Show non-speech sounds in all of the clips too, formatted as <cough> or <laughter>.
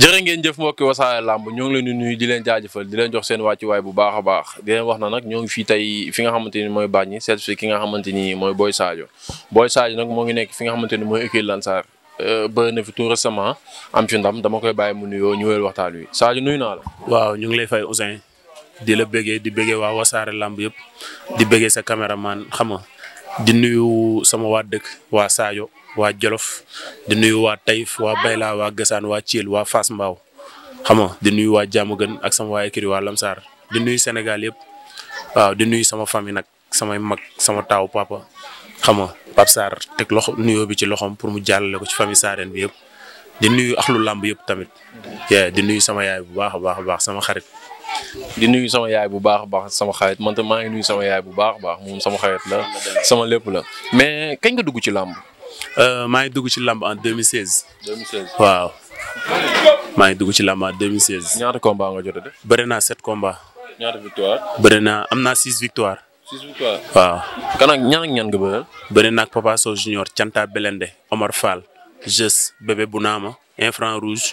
jëre ngeen jëf mbokki wasaare làmb ñoo ngi leen di nuyu di leen jaajëfal di leen jox seen wàccuwaay bu baax a baax di leen wax na nag ñoo ngi fii tey fi nga xamante ni mooy bàññi seet fi ki nga xamante ni mooy Boy Sadio Boy Sadio nag moo ngi nekk fi nga xamante ni mooy équipe Lansar euh, bëri na fi tout récemment am fi ndam dama koy bàyyi mu nuyoo ñu wéyal waxtaan wi Sadio nuyu naa la. waaw ñu ngi lay fay Ousseyn di la bëggee di bëggee waa wasaare làmb yëpp di bëggee sa caméraman xam nga di nuyu sama waa dëkk waa Saajo waa Jolof di nuyu waa Taïf waa Bayla waa Gassane waa Thiel waa fas Mbao xam nga di nuyu waa Diamaguène ak sama waa écurie waa Lamsar di nuyu Sénégal yëpp waaw di nuyu sama fami nag samay mag sama taaw papa xam nga Pape Sarr teg loxo nuyoo bi ci loxom pour mu jàllale ko ci famille Sarène bi yëpp di nuyu axlu làmb yëpp tamit di nuyu sama yaay bu baax a baax a baax sama xarit. di nuyu sama yaay bu baax a baax sama xarit man tam maa ngi nuyu sama yaay bu baax a baax moom sama xarit la sama lépp la mais kañ nga dugg ci làmb. Euh, maa ngi dugg ci làmb en 2016. 2016 waaw. maa ngi dugg ci làmb en 2016. ñaata combat nga jot a def. bëri naa sept combat. ñaata victoire. bëri naa am naa six victoire. six victoire waaw. kan ak ñan ak ñan nga bëri. naa ak Papa Sow Junior Canta Belende Omar Fall. Jeus Bébé Bounama Infran Rouge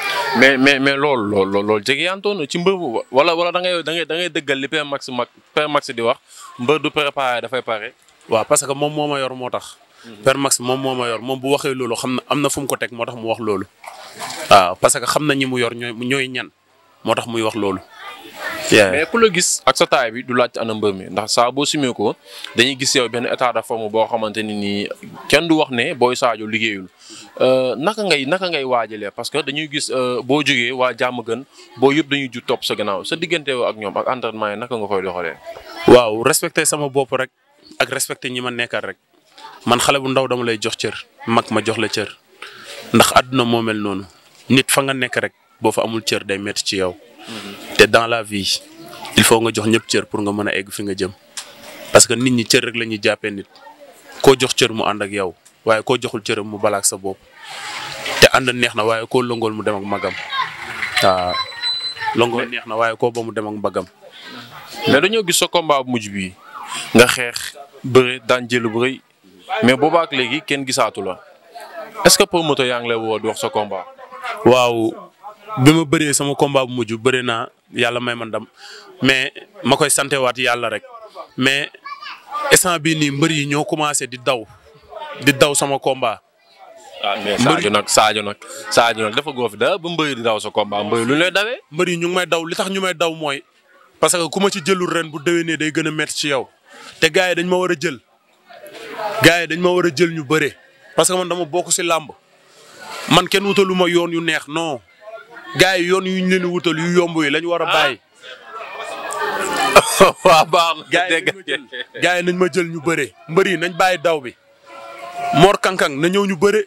mais mais mais loolu loolu loolu jege yaantoo na ci mbër wala wala da ngay ngay da ngay dëggal li Père Max mag Père Max di wax mbër du préparé dafay pare. waaw parce que moom moo ma yor moo tax. Mhm. Père Max moom moo ma yor moom bu waxee loolu xam na am na fu mu ko teg moo tax mu wax loolu. waaw parce que xam na ñi mu yor ñooy ñooy ñan moo tax muy wax loolu. mais ku la gis ak sa taay bi du laajte ana mbër mi ndax saa boo simee ko dañuy gis yow benn état de forme boo xamante ni nii kenn du wax ne booy Sadio liggéeyul euh, naka ngay naka ngay waajalee parce que dañuy gis euh, boo jógee waa jàmm gën boo yëpp dañuy ju topp sa gannaaw sa diggante ak ñoom ak entraînement yi naka nga koy doxalee. waaw respecté sama bopp rek ak respecté ñi ma nekkal rek man xale bu ndaw dama lay jox cër mag ma jox la cër ndax àdduna moo mel noonu nit fa nga nekk rek boo fa amul cër day métti ci yow. te dans la vie il faut nga jox ñëpp cër pour nga mën a egg fi nga jëm parce que nit ñi cër rek la ñuy jàppee nit koo jox cër mu ànd ak yow waaye koo joxul cëram mu balaak sa bopp te ànd neex na waaye koo longool mu dem ak magam neex na waaye ko ba mu dem mbagam magam. mais dañoo gis sa combat mujj bi nga xeex bëre daan jël bu mais boobaak léegi kenn gisaatu la est-ce que promoteur yaa ngi lay woo di wax waaw. bi ma bëree sama combat bu mujj bëri naa yàlla may ma ndam mais ma koy santewaat yàlla rek mais instant bii nii mbër yi ñoo commencé di daw di daw sama combat. ah mais Sadio nag Sadio nag Sadio nag dafa góof da ba mbëy di daw sa combat mbëy lu lay dawee. mbër yi ñu ngi may daw li tax ñu may daw mooy parce que ku ma ci jëlul ren bu dawee déwénee day gën a métti ci yow te gars yi dañ ma war a jël gars yi dañ ma war a jël ñu bëre parce que man dama bokk si làmb man kenn wutalu ma yoon yu neex non. gars yi yoon yu ñu leen wutal yu yomb yi lañ war a bàyyi. Ah. <laughs> waaw baax na dégg nañ ma jël ñu bëre mbër yi nañ bàyyi daw bi Mor Kankang na ñëw ñu bëre.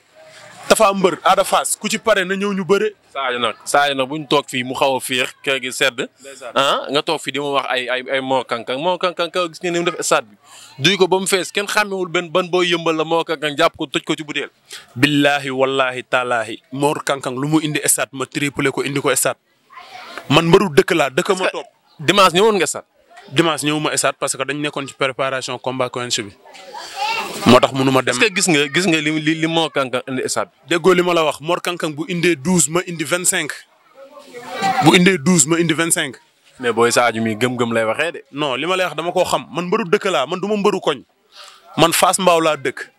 dafa am mbër Ada Fass ku ci pare na ñëw ñu bëre. Sadio nag Sadio nag bu ñu toog fii mu xaw a fiix kër gi sedd. ah nga toog fii di ma wax ay ay ay Mor Kang Kang Mor Kang Kang gis nga ni mu def ko ba mu fees kenn xàmmewul benn ban booy yëmbal la Mor Kang Kang jàpp ko toj ko ci butéel. billahi wallahi taalahi. Mor Kang Kang lu mu indi stade ma triplé ko indi ko stade man mbëru dëkk laa dëkk ma toog. dimanche ñëwoon nga stade. dimanche ñëwuma stade parce que dañ nekkoon ci préparation combat cointre bi. moo tax mënu dem est gis nga gis nga li li li moo Kang Kang indi stade bi. déggoo li ma la wax Mor Kang bu indee douze ma indi vingt cinq bu indee douze ma indi vingt cinq. mais booy Sadio mi gëm-gëm lay waxee de. non li ma lay wax dama ko xam man mbëru dëkk laa man du ma mbëru koñ man Fass Mbao laa dëkk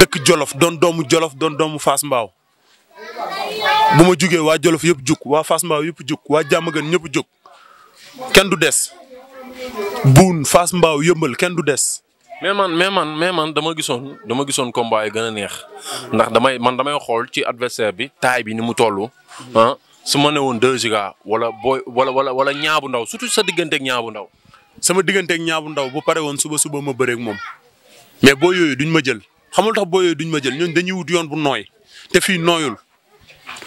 dëkk Jolof doon doomu Jolof doon doomu Fass Mbao bu ma jugee waa Jolof yëpp jug waa fas Mbao yëpp jug waa Diamaguène ñëpp jug kenn du des buun fas Mbao yëmbal kenn du des. mais man mais man mais man dama gisoon dama gisoon combat yi gën a neex ndax damay man damay xool ci adversaire bi taay bi ni mu tollu ah, su ma woon deux giga wala booy wala wala wala ñaabu ndaw surtout sa digganteeg ñaabu ndaw. sama digganteeg ñaabu ndaw bu pare woon suba suba ma bëreeg moom mais boo yooyu duñ ma jël xamul tax boo yooyu duñ ma jël ñun dañuy wut yoon bu nooy te fii nooyul.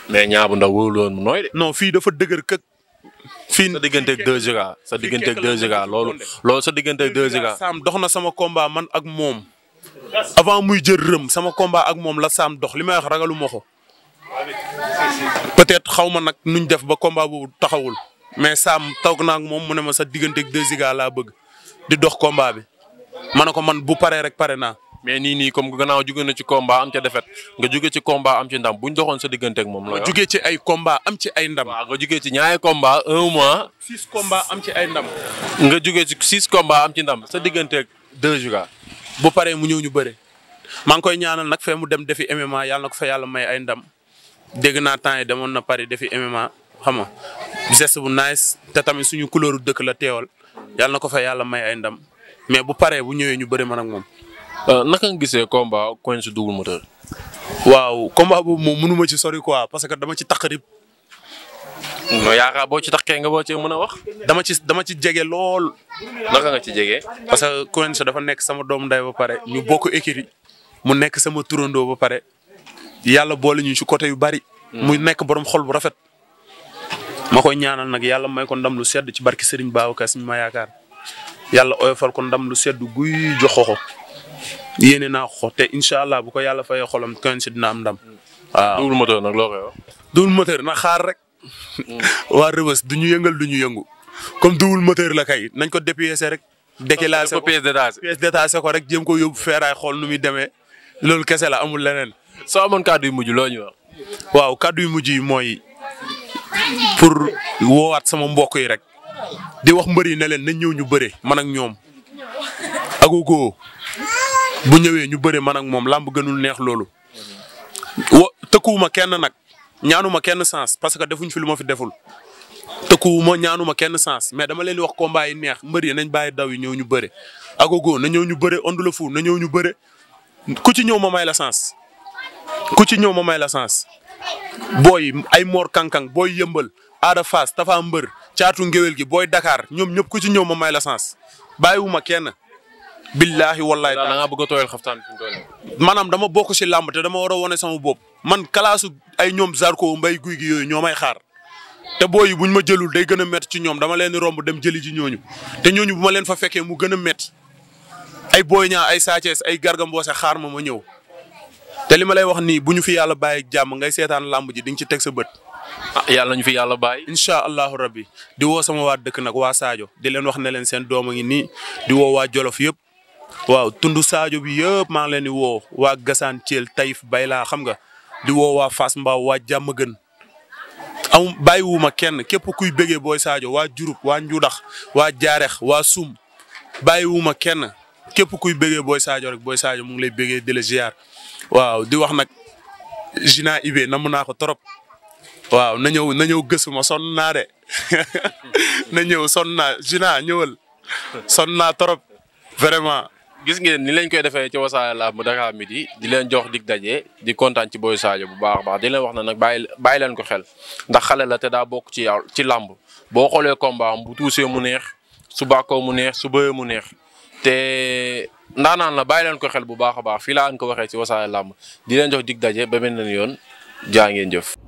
mais ñaabu ndaw wóolu woon mu nooy de. non fii dafa dëgër këk fii sa diggante 2 Giga sa digganteeg 2 Giga loolu sa digganteeg 2 Giga Sam dox na sama combat man ak moom avant muy jël rëm sama combat ak moom la Sam dox li may wax ragalu ma ko peut-être xaw ma nag nuñ def ba combat bo taxawul mais Sam toog naa ak moom mu ne ma sa digganteeg 2 Giga laa bëgg di dox combat bi ma ne ko man bu paree rek pare naa mais nii nii comme gannaaw jóge na ci combat am ca nga jóge ci combat am ci ndam buñ doxoon sa diggante ak moom. looy wax nga ci ay combat am ci ay ndam. waaw nga ci ñaari combat un mois. six combat am ci ay ndam. nga jóge ci six am ci ndam sa diggante ak deux bu paree mu ñëw ñu bëre. maa ngi koy ñaanal nag fee mu dem defi MMA yàlla na ko fa yàlla may ay ndam dégg naa temps yi demoon na Paris defi MMA xam nga geste bu nice te tamit suñu couleur dëkk la teewal yàlla na ko fa yàlla may ay ndam mais bu paree bu ñëwee ñu bëri man ak moom Euh, naka nga gisee combat Quench Double Moteur. waaw combat boobu moom mënu ci sori quoi parce que dama ci tax rib. yaakaar boo ci taxee nga boo cee mën a wax. dama ci dama ci jege lool. naka nga ci jege. parce que Quench dafa nekk sama doom nday ba pare ñu bokk écurie mu nekk sama turandoo ba pare yàlla boole ñu ci côté yu bari. Hmm. muy nekk borom xol bu rafet. ma koy ñaanal nag yàlla may ko ndam lu sedd ci barki Serigne Babacar si ma yaakaar yàlla oyofal ko ndam lu sedd guy jox yéene naa ko te incha allah bu ko yàlla fayee xolam kañ si dina am ndam. waaw double moteur nag loo koy wax. double moteur na xaar rek. Mm. <laughs> waa Rëbës du ñu yëngal du ñu yëngu. comme double moteur la kay nañ ko dépiécer rek. déclenché ko pièce ko rek jéem ko yóbbu feeraay xool nu muy demee loolu kese la amul leneen. soo amoon kàddu yu mujj loo ñu wax. waaw kàddu yu mujj yi mooy pour woowaat sama mbokk yi rek di wax mbër yi ne leen nañ ñëw ñu bëre man ak ñoom Agogo. bu ñëwee ñu bëre man ak moom làmb gënul neex loolu. wa tëkkuwuma kenn nag ñaanuma kenn sens parce que defuñ fi lu ma fi deful. tëkkuwuma ñaanuma kenn sens mais dama leen di wax combat yi neex mbër yi nañ bàyyi daw yi ñëw ñu bëre. agogo na ñëw ñu bëre Onde le na ñëw ñu bëre ku ci ñëw ma may la sens ku ci ñëw ma may la sens booy ay Mor Kankang booy yëmbal Ada Fass Tafa Mbër caatu ngéwél gi booy Dakar ñoom ñëpp ku ci ñëw ma may la sens bàyyiwuma kenn. billaahi wallaahi. da nga bëgg a tooyal xaftaan fi mu toll maanaam dama bokk si làmb te dama war a wane sama bopp. man kalaasu ay ñoom Zarko mbay guy gi yooyu ñoo ay xaar te booy yi buñ ma jëlul day gën a métti ci ñoom dama leen romb dem jëli ji ñooñu te ñooñu bu ma leen fa fekkee mu gën a métti ay Boy ñaa ay Sa ay Garga Mbossé xaar ma ma ñëw te li ma lay wax nii bu ñu fi yàlla bàyyi jàmm ngay seetaan làmb ji di ci teg sa bët. ah yàlla ñu fi yàlla bàyyi. incha allahu rabbi di woo sama waa dëkk nag waa Sadio di leen wax ne leen seen doom a ngi nii di woo Jolof yëpp waaw tund saajo bi yëpp maa ngi leen di woo waa Gassane Thiel Taïf Bayla xam nga di woo waa Fass Mbao waa Diamaguène am bàyyiwuma kenn képp kuy bëggee booy Sadio waa Diouroup waa Ndioudax waa Diarex waa Soum bàyyiwuma kenn képp kuy bëggee booy Sadio rek booy Sadio mu ngi lay bëggee di la waaw di wax nag Gina Ibe namm naa ko trop waaw na ñëw na ñëw naa de <laughs> na ñëw sonn naa Gina ñëwal sonn trop vraiment. gis ngeen ni lañ koy defee ci Wassare Lamb Dakar Midi di leen jox dig daje di kontaan ci Boy Sadio bu baax baax di leen wax na nag bàyyi bàyyi leen ko xel ndax xale la te daa bokk ci yaw ci làmb boo xoolee kombaam bu tuusee mu neex su bàkkoo mu neex su bëyee mu neex te ndaanaan la bàyyi leen ko xel bu baax a baax fii laa ko waxee ci Wassare làmb di leen jox dig daje ba beneen yoon jaa ngeen jëf.